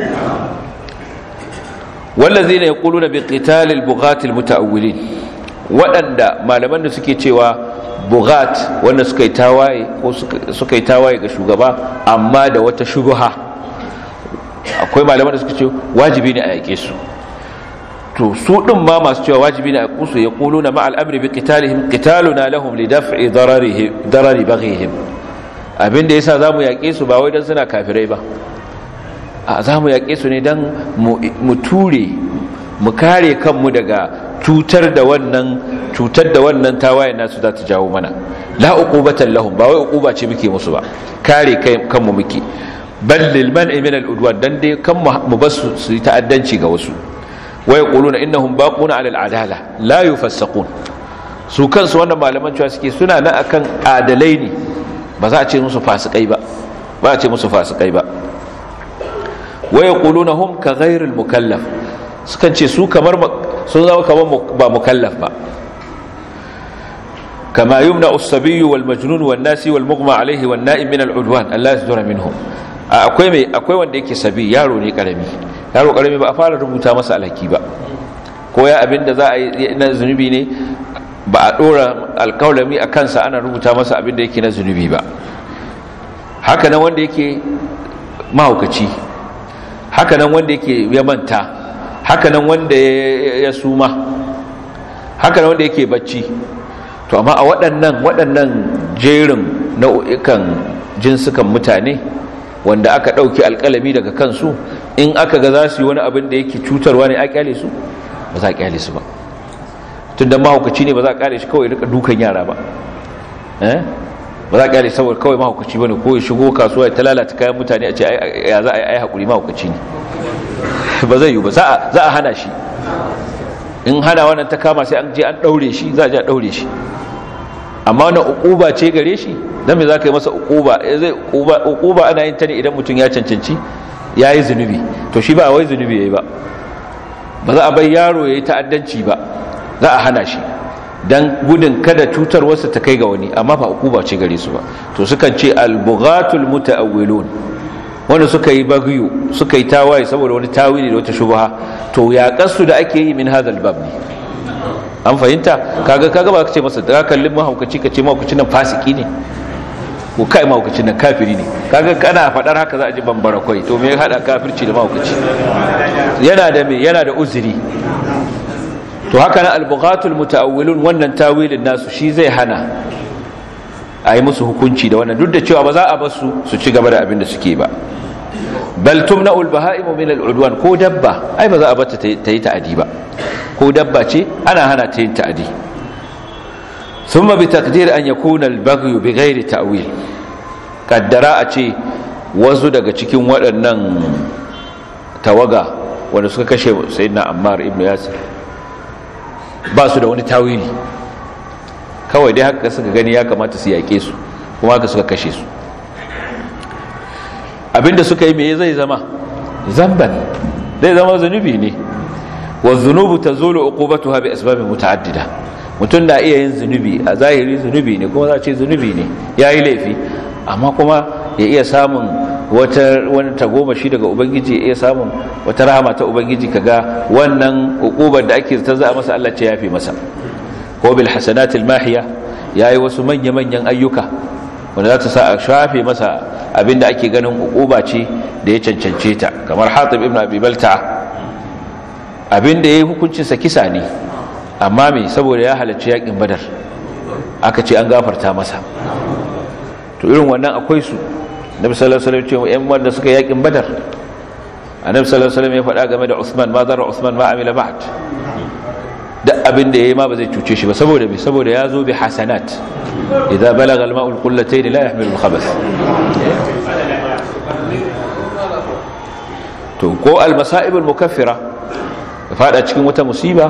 wallazina yaquluna biqitalil bughatil muta'awwilin waɗanda malaman da suke cewa bugat wanda suka yi tawaye ko suka yi tawaye ga shugaba amma da wata shubuha akwai malaman da suka ce wajibi ne a yake su to su ɗin ma masu cewa wajibi ne a su ya ƙulu na ma'al amri bi qitalihim qitaluna lahum li daf'i dararihim darari baghihim abin da yasa zamu yaƙe su ba wai dan suna kafirai ba a zamu yaƙe su ne dan mu ture mu kare kanmu daga cutar da wannan cutar da wannan tawayen nasu za ta jawo mana la uqubatan lahum ba wai uquba ce muke musu ba kare kanmu muke bal lil man'i min al udwan dan dai kan mu basu su ta'addanci ga wasu wa yaquluna innahum baquna ala al adala la yufassaqun su kansu wannan malaman cewa suke suna nan akan adalai ne ba za a ce musu fasikai ba ba a ce musu fasikai ba wa yaquluna hum ka mukallaf sukan ce su kamar sun zama kamar ba mukallaf ba كما يمنع الصبي والمجنون والناسي والمغمى عليه والنائم من العدوان الله يصدر منهم akwai mai akwai wanda yake sabi yaro ne karami yaro karami ba a fara rubuta masa alhaki ba ko ya abin za a yi na zunubi ne ba a dora alkaulami a kansa ana rubuta masa abinda yake na zunubi ba haka nan wanda yake mahaukaci haka nan wanda yake ya manta hakanan wanda ya suma hakanan wanda yake bacci to amma a waɗannan waɗannan jerin nau'ikan jinsukan mutane wanda aka ɗauki alƙalami daga kansu in aka ga za su yi wani abin da yake cutarwa ne a ƙyale su ba za a ƙyale su ba tun da mahaukaci ne ba za a ƙyale shi kawai rika dukan yara ba eh? ba za a ƙyale saboda kawai mahaukaci ba ne ko ya shigo kasuwa ya ta lalata kayan mutane a ce ya za a yi haƙuri mahaukaci ne ba zai yi ba za a hana shi in hana wannan ta kama sai an je an daure shi za a je a daure shi amma wannan uquba ce gare shi dan me zaka yi masa uquba eh, zai uquba ana yin ta ne idan mutum ya cancanci yayi zunubi to shi ba wai zunubi yayi ba ba za a bar yaro yayi ta'addanci ba za a hana shi dan gudun kada cutar wasu ta kai ga wani amma ba uquba ce gare su ba to sukan ce al-bughatul muta'awwilun wanda suka yi bagiyu suka yi tawaye saboda wani tawili da wata shubha to ya kasu da ake yi min hadal bab ne an fahimta kaga kaga ba ka ce masa da mu mahaukaci ka ce mahaukaci nan fasiki ne ko kai mahaukacin nan kafiri ne kaga kana fadar haka za a ji bambara kwai to me ya hada kafirci da mahaukaci yana da me yana da uzuri to haka na albughatul mutaawwilun wannan tawilin nasu shi zai hana a yi musu hukunci da wannan duk da cewa ba za a basu su ci gaba da abin da suke ba bal tumna ul bahaimu min al udwan ko dabba ai ba za a bata ta yi ta'adi ba ko dabba ce ana hana ta yin ta'adi thumma bi taqdir an yakuna al baghy bi ghairi ta'wil kaddara a ce wasu daga cikin waɗannan tawaga wanda suka kashe sayyidina ammar ibn yasir ba su da wani tawili kawai dai haka suka gani ya kamata su yaƙe su kuma haka suka kashe su abinda suka yi meye zai zama zamban zai zama zunubi ne wa zunubu haɓe uqubatuha bi asbabin muta'addida mutum na iya yin zunubi a zahiri zunubi ne kuma za ce zunubi ne ya yi laifi amma kuma ya iya samun wata wani tagomashi daga ubangiji ya iya samun wata rahama ta ubangiji kaga wannan ukubar da ake ta za a masa Allah ce ya fi masa ko bil hasanatil mahiya yayi wasu manya-manyan ayyuka wanda za ta sa a shafe masa abinda ake ganin ukuba ce da ya cancance ta kamar Hatib ibn Abi Balta abinda yayi hukuncin sa kisa ne amma me saboda ya halarci yakin Badar aka ce an gafarta masa to irin wannan akwai su Nabi sallallahu alaihi wasallam ce ƴan wanda suka yakin Badar Annabi sallallahu alaihi wasallam ya faɗa game da Usman, ma dara Usman ma amila ba'd duk abin da yi ma ba zai cuce shi ba saboda me saboda ya zo bi hasanat idza balagha al-ma'u al-qullatayn la yahmilu al-khabath to ko al-masa'ib al-mukaffira fada cikin wata musiba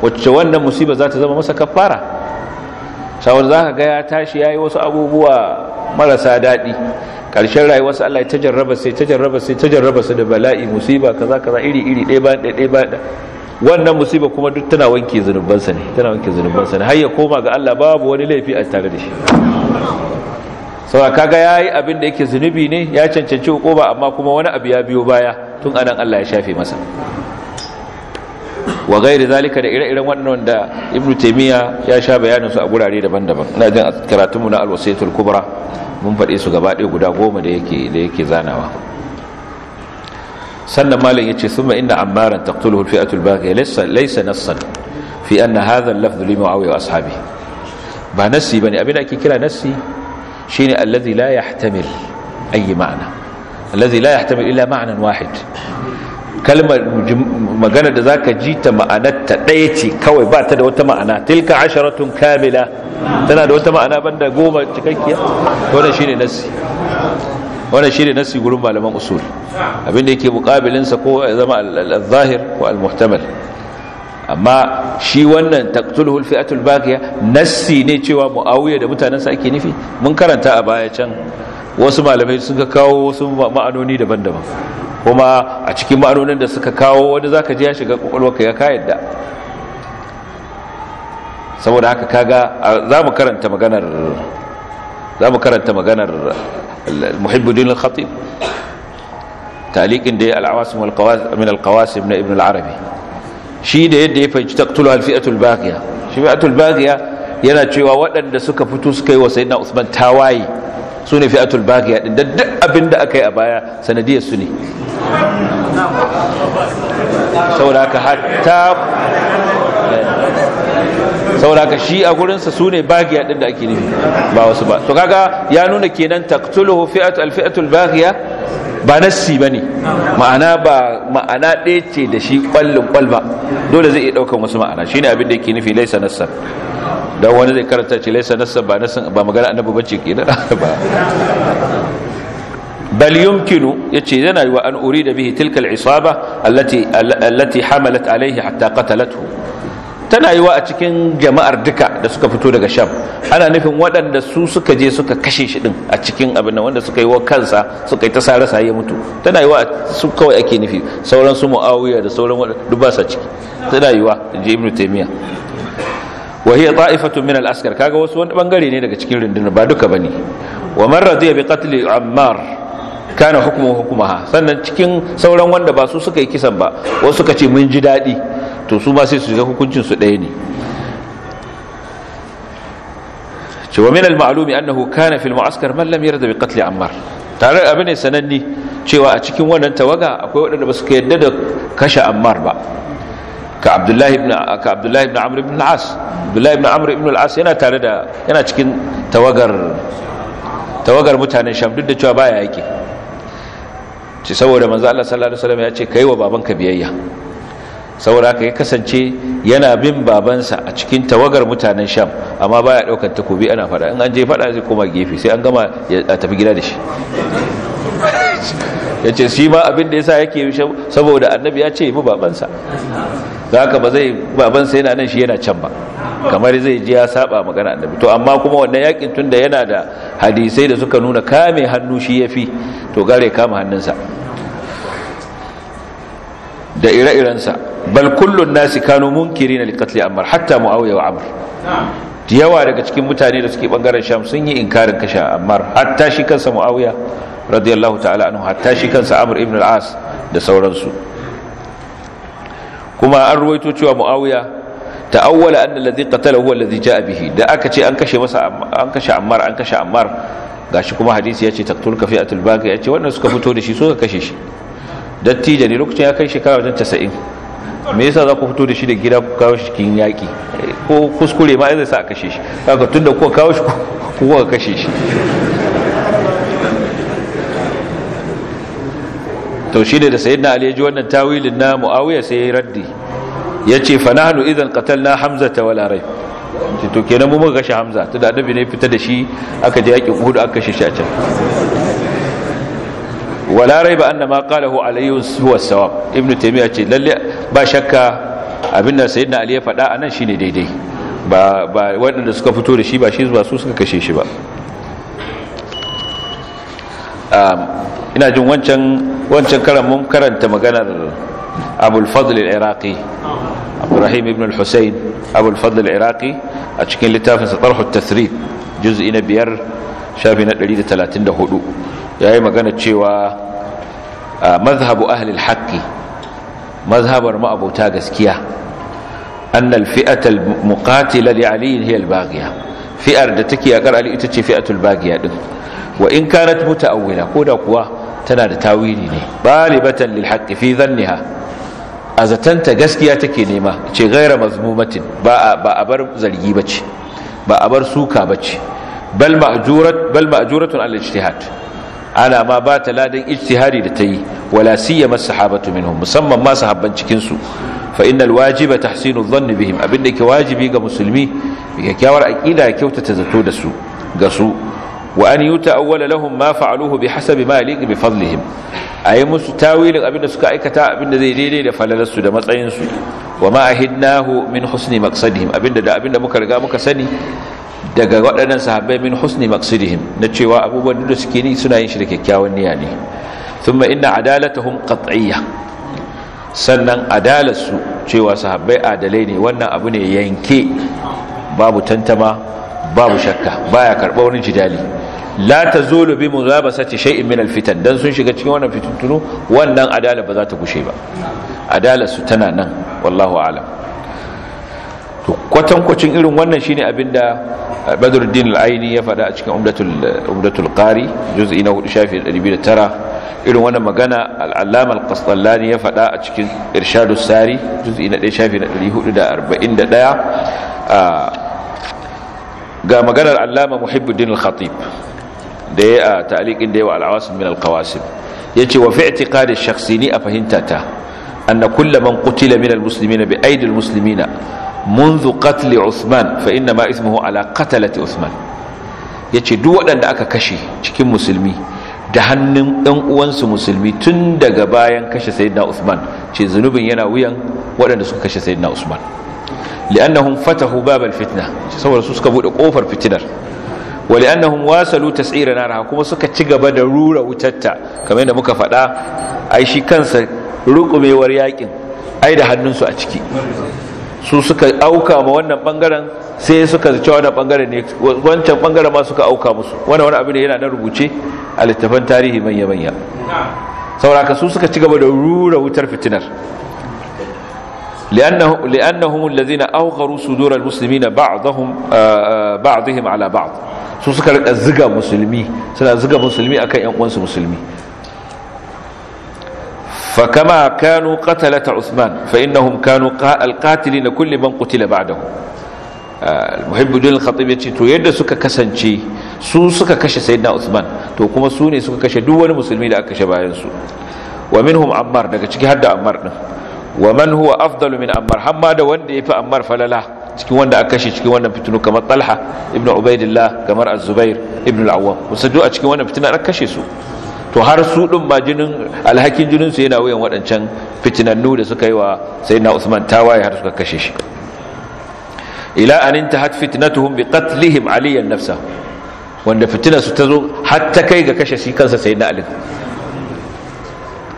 wacce wannan musiba za ta zama masa kafara sawar za ka ga ya tashi ya yi wasu abubuwa marasa dadi ƙarshen rayuwarsa Allah ya ta jarraba sai ta jarraba sai ta jarraba su da bala'i musiba kaza kaza iri iri ɗaya ba ɗaya ba wannan musiba kuma duk tana wanke zunubansa ne tana wanke zunubansa ne har ya koma ga Allah babu wani laifi a tare da shi saboda kaga yayi abin da yake zunubi ne ya cancanci hukuma amma kuma wani abu ya biyo baya tun anan Allah ya shafe masa wa gairi zalika da ire-iren wannan da ibnu taymiya ya sha bayanin su a gurare daban-daban ina jin karatunmu na al kubra mun faɗe su gaba ɗaya guda goma da yake da yake zanawa sannan malam yace thumma inna ammaran taqtuluhu al-fi'atu al-baghiya laysa laysa nassan fi anna hadha al-lafdh li muawiya wa ashabi ba nassi bane abin da ake kira nassi shine alladhi la yahtamil ayi ma'na alladhi la yahtamil illa ma'nan wahid kalmar magana da zaka ji ta ma'anarta ɗaya ce kawai ba ta da wata ma'ana tilka asharatun kamila tana da wata ma'ana banda goma cikakkiya wannan shine nassi shi ne nasi gurin malaman usul abinda yake mukabilinsa ko ya zama al-zahir ko al-muhtamal amma shi wannan taqtuluhu al-fi'atu al-baqiya nasi ne cewa muawiya da mutanansa ake nufi mun karanta a baya can wasu malamai sun ka kawo wasu ma'anoni daban-daban kuma a cikin ma'anonin da suka kawo wani zaka ji ya shiga ka ya da saboda haka kaga za mu karanta maganar za mu karanta maganar المحب دين الخطيب تاليك دي العواصم والقواسم من القواسم من ابن العربي شي دي دي فتقتلها الفئه الباقيه شي فئه الباقيه يانا تشي وادن ده سكا وسيدنا عثمان تاواي سوني فئه الباقيه دد ابين ده اكاي ابايا سنديه سني سو حتى saboda ka shi a gurinsa su ne bagiya din da ake nufi ba wasu ba to kaga ya nuna kenan taqtuluhu fi'at al-fi'atul baghiya ba nassi bane ma'ana ba ma'ana ɗaya ce da shi kwallin kwal ba dole zai iya daukan wasu ma'ana shine abin da yake nufi laisa nassan dan wani zai karanta ce laisa nassan ba nassan ba magana annabi bace kenan ba بل يمكن يتشيدنا وأن أريد به تلك العصابة التي التي حملت عليه حتى قتلته tana yiwa a cikin jama'ar duka da suka fito daga sham ana nufin waɗanda su suka je suka kashe shi din a cikin abin nan wanda suka yi wa kansa suka yi ta sare sa ya mutu tana yiwa su kawai ake nufi sauran su muawiya da sauran waɗanda ba sa ciki tana yiwa je ibnu taymiya wa hiya ta'ifatu min al-askar kaga wasu wani bangare ne daga cikin rundunar ba duka bane wa man radiya bi qatl ammar kana hukumu hukumaha sannan cikin sauran wanda ba su suka yi kisan ba wasu suka ce mun ji daɗi to su ba sai su ga hukuncin su ɗaya ne ce wa min al-ma'lumi annahu kana fil mu'askar man lam yarda bi qatl ammar tare abin ne sananni cewa a cikin wannan tawaga akwai waɗanda ba su ka yadda da kashe ammar ba ka abdullahi ibn ka abdullahi ibn amr ibn al-as abdullahi ibn amr ibn al-as yana tare da yana cikin tawagar tawagar mutanen sham duk da cewa baya yake ce saboda manzo Allah sallallahu alaihi wasallam ya ce kai wa babanka biyayya saboda ka ya kasance yana bin babansa a cikin tawagar mutanen sham amma baya daukar takobi ana fada in an je fada zai koma gefe sai an gama a tafi gida da shi ya ce shi ma abin da ya sa yake yi saboda annabi ya ce yi babansa za ka ba zai babansa yana nan shi yana can ba kamar zai ji ya saba magana annabi to amma kuma wannan yakin tun da yana da hadisai da suka nuna kame hannu shi ya fi to gare kama hannunsa da ire-irensa bal kullun nasi kanu munkirina liqatli amr hatta muawiya wa amr yawa daga cikin mutane da suke bangaren sham sun yi inkarin kashe ammar hatta shi kansa muawiya radiyallahu ta'ala anhu hatta shi kansa amr ibn al-as da sauransu kuma an ruwaito cewa muawiya ta'awwala anna alladhi qatala huwa alladhi ja'a bihi da aka ce an kashe masa an kashe ammar an kashe ammar gashi kuma hadisi yace taqtulka fi'atul baqi yace wannan suka fito da shi suka kashe shi dattijo ne lokacin ya kai shekara wajen 90 me yasa za ku fito da shi da gida ku kawo shi kin yaƙi ko kuskure ma zai sa a kashe shi haka tun da kuka kawo shi ku kuka kashe shi to shi ne da sayyidina ali ya ji wannan tawilin na muawiya sai ya yi raddi ya ce fa nahnu idan qatalna ta wala rayb to kenan mu muka kashe hamza tunda annabi ne fita da shi aka je yaƙin hudu aka kashe shi a can wala raiba anna ma qalahu alayhi huwa sawab ibnu taymiya ce lalle ba shakka abinda sayyidina ali ya faɗa anan shine daidai ba ba waɗanda suka fito da shi ba shi ba su suka kashe shi ba ina jin wancan wancan karan mun karanta maganar abul fadl al-iraqi ibn al-husayn abul fadl al-iraqi a cikin littafin sa tarhu at-tasrif juz'i na biyar shafi na 134 yayi magana cewa mazhabu ahli al-haqqi mazhabar ma'abuta gaskiya anna al-fi'at al-muqatila li ali hiya al-baghiya fi'ar da take yakar ali ita ce fi'atul baghiya din wa in kanat ko koda kuwa tana da tawili ne balibatan lil haqqi fi dhanniha azatanta gaskiya take nema ce gaira mazmumatin ba ba a bar zargi bace ba a bar suka bace bal ma'jurat ma'juratun al ijtihad ana ma ba ta ladan ijtihadi da ta yi wala siyama sahabatu minhum musamman ma sahabban cikin su fa innal wajiba tahsinu dhanni bihim abinda ke wajibi ga musulmi kyakkyawar aqida ya kyautata zato da su ga su wa an yuta'awwala lahum ma fa'aluhu bihasabi ma yaliqu bi fadlihim ayi musu tawilin abinda suka aikata abinda zai daidai da falalarsu da matsayin su wa ma ahidnahu min husni maqsadihim abinda da abinda muka riga muka sani daga waɗannan sahabbai min husni maqsidihim na cewa abubuwan da suke ni suna yin shi da kyakkyawan niyya ne thumma inna adalatuhum qat'iyya sannan adalarsu cewa sahabbai adalai ne wannan abu ne yanke babu tantama babu shakka baya karɓar wani jidali la tazulu bi muzabasati shay'in min alfitan dan sun shiga cikin wannan fitintunu wannan adala ba za ta gushe ba adalarsu tana nan wallahu a'lam to kwatankwacin irin wannan shine abinda eh, badruddin al-aini ya faɗa a cikin umdatul eh, umdatul qari juz'i na 4 shafi 209 irin wannan magana al-allama al-qastallani ya faɗa a cikin irshadus sari juz'i na 1 shafi 441 ah, ga maganar al allama muhibbuddin al-khatib da ya a ah, ta'liqin da ya yawa al-awasim min al-qawasim yace wa fi i'tiqadi shakhsi ni a fahimtata anna kullu man qutila min al-muslimina bi aidi al-muslimina منذ قتل عثمان فإنما اسمه على قتلة عثمان yace duk waɗanda aka kashe cikin musulmi da hannun ɗan uwansu musulmi tun daga bayan kashe sayyidina Usman ce zunubin yana wuyan waɗanda suka kashe sayyidina Usman li'annahum fatahu babal fitna saboda su suka bude kofar fitinar wa li'annahum wasalu tas'ira raha kuma suka ci gaba da rura wutarta kamar yadda muka faɗa ai shi kansa rukumewar yakin ai da hannunsu a ciki su suka auka ma wannan bangaren sai suka zace wannan bangaren ne wancan bangaren ma suka auka musu wannan wani abu ne yana nan rubuce a littafan tarihi manya manya sauraka su suka ci gaba da rura wutar fitinar لأنه لأنهم الذين أوغروا صدور المسلمين بعضهم بعضهم على بعض su suka rika ziga musulmi suna ziga musulmi akan yan uwansu musulmi فكما كانوا قتلة عثمان فإنهم كانوا القاتلين كل من قتل بعده muhibbu dole khatib ya ce to yadda suka kasance su suka kashe sayyidina Uthman to kuma sune ne suka kashe duk wani musulmi da aka kashe bayan su Ammar daga ciki har da Ammar din wa man Ammar hamma da wanda fi Ammar falala cikin wanda aka kashe cikin wannan fitinu kamar Talha ibn Ubaidillah kamar Az-Zubair ibn Al-Awwam musaddu a cikin wannan fitina aka kashe su to har su din ma jinin alhakin jinin su yana wuyan waɗancan fitinannu da suka yi wa sayyidina Usman tawaye har suka kashe shi ila an intahat fitnatuhum bi qatlihim aliyan nafsa wanda fitina su ta zo har ta kai ga kashe shi kansa sayyidina Ali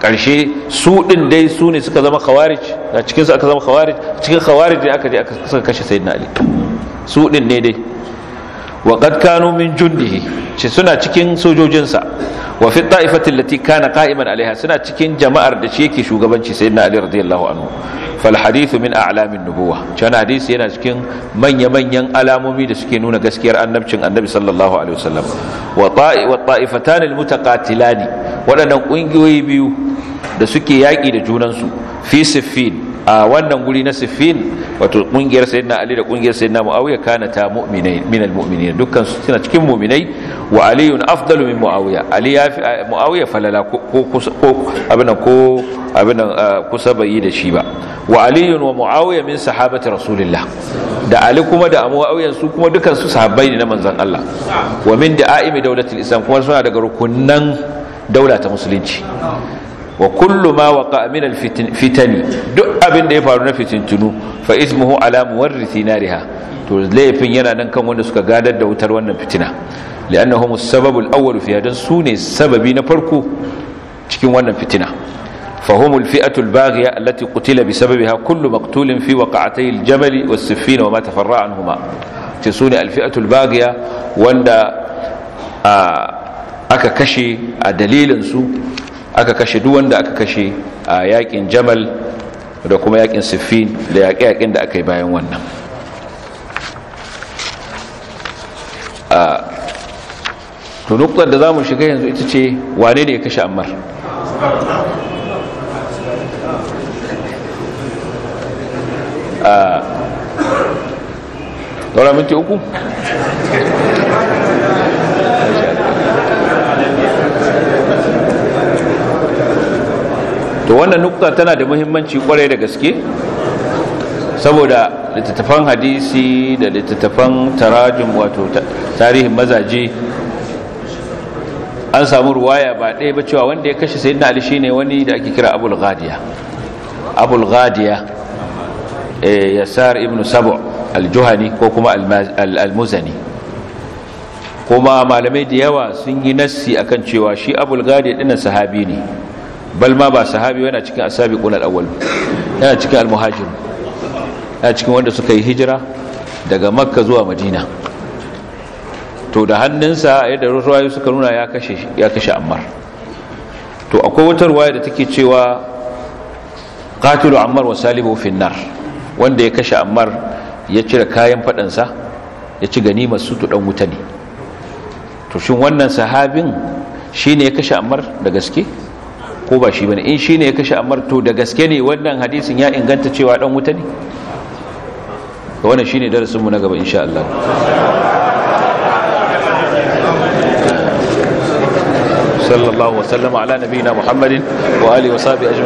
karshe su din dai su ne suka zama khawarij a cikin su aka zama khawarij cikin khawarij ne aka je aka suka kashe sayyidina Ali su din ne dai wa qad kanu min jundihi ce suna cikin sojojinsa wa fi ta'ifati allati kana qa'iman alaiha suna cikin jama'ar da shi yake shugabanci sayyidina ali radiyallahu anhu fal hadithu min a'lamin nubuwa can hadisi yana cikin manya manyan alamomi da suke nuna gaskiyar annabcin annabi sallallahu alaihi wasallam wa ta'i wa ta'ifatan waɗannan ƙungiyoyi biyu da suke yaƙi da junansu fi siffin a wannan guri na siffin wato kungiyar na ali da kungiyar na muawiya kana ta mu'minai min al-mu'minin dukkan su suna cikin mu'minai wa aliyun afdalu min muawiya ali ya fi muawiya falala ko ko abinan ko abinan kusa bai da shi ba wa aliyun wa muawiya min sahabati rasulillah da ali kuma da muawiya su kuma dukkan su sahabbai ne na manzon Allah wa min da'aimi dawlatil islam kuma suna daga rukunnan daula ta musulunci wa kullu ma waqa min duk abin da ya faru na fitintunu fa ismuhu ala muwarrisi nariha to laifin yana nan kan wanda suka gadar da wutar wannan fitina li'annahum as-sababu al-awwal fiha dan sune sababi na farko cikin wannan fitina فهم الفئة الباغية التي قتل بسببها كل مقتول في وقعتي الجبل والسفين وما تفرع عنهما تسوني الفئة الباغية wanda aka kashe a dalilinsu aka kashe duk wanda aka kashe a yakin jamal da kuma yakin siffin da yaƙe-yaƙen da aka yi bayan wannan a tunuktar da za mu shiga yanzu ita ce wane ne ya kashe ammar a ɗaura minti uku to wannan nukta tana da muhimmanci kwarai da gaske saboda littattafan hadisi da littattafan tarajin wato tarihin mazaje an samu ruwaya ba ɗaya ba cewa wanda ya kashe sayyidina ali ne wani da ake kira abul ghadiya abul ghadiya eh, yasar ibn sabo al ko kuma al kuma malamai da yawa sun yi nassi akan cewa shi abul ghadiya sahabi ne bal ma ba sahabi yana cikin asabiqul awwal yana cikin almuhajir yana cikin wanda suka yi hijira daga makka zuwa madina to da hannunsa yadda ruwayoyi suka nuna ya kashe ya kashe ammar to akwai wata ruwaya da take cewa qatilu ammar wa salibu fi nar wanda ya kashe ammar ya cire kayan fadansa ya ci ganimar su to dan wuta ne to shin wannan sahabin shine ya kashe ammar da gaske ko ba shi bane in shine ya kashe Ammar to da gaske ne wannan hadisin ya inganta cewa dan wuta ne wannan shine darasin mu na gaba insha Allah sallallahu wasallama ala nabiyina Muhammadin wa alihi wa sahbihi ajma'in